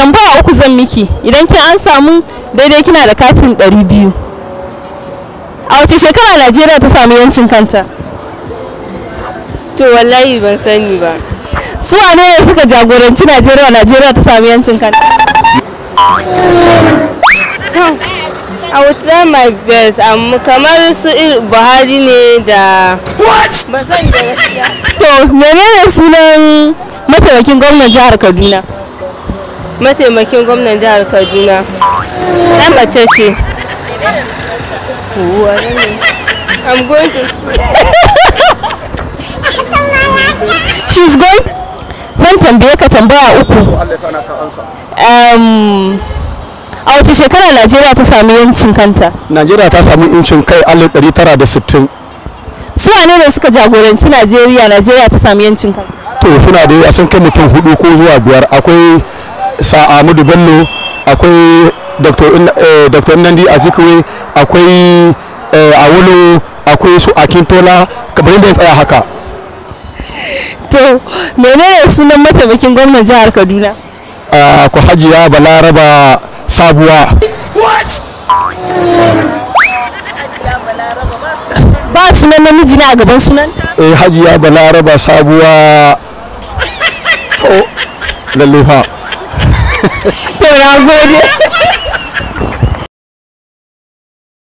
tambaya uku zan miki idan kin an samu daidai kina da katin 200 a wace shekara najeriya ta samu yancin kanta to wallahi ban sani ba su wane ne suka jagoranci najeriya najeriya ta samu yancin kanta A wuta try my best. amma um, kamar su Buhari ne da. masan da To, menene sunan mataimakin gwamnan jihar Kaduna? mataimakin gwamnan jihar kaduna ɗan mace ce I'm going to She's going zan tambaye ka tambaya uku um, a wace shekara najeriya ta sami yancin kanta najeriya ta sami yancin kai 960 su ne da suka jagoranci najeriya najeriya ta sami yancin kanta to suna da yawa sun kai mutum hudu ko zuwa biyar akwai sa Ahmadu Bello akwai Dr. Eh, Nandi Azikiwe akwai eh, Awolo akwai su Akintola kamar da tsaya haka to menene sunan mataimakin gwamnan jihar Kaduna ah, ku hajiya Balaraba sabuwa ba sunan namiji ne a gaban sunan eh hajiya Balaraba sabuwa to oh, lallufa 对呀，过去。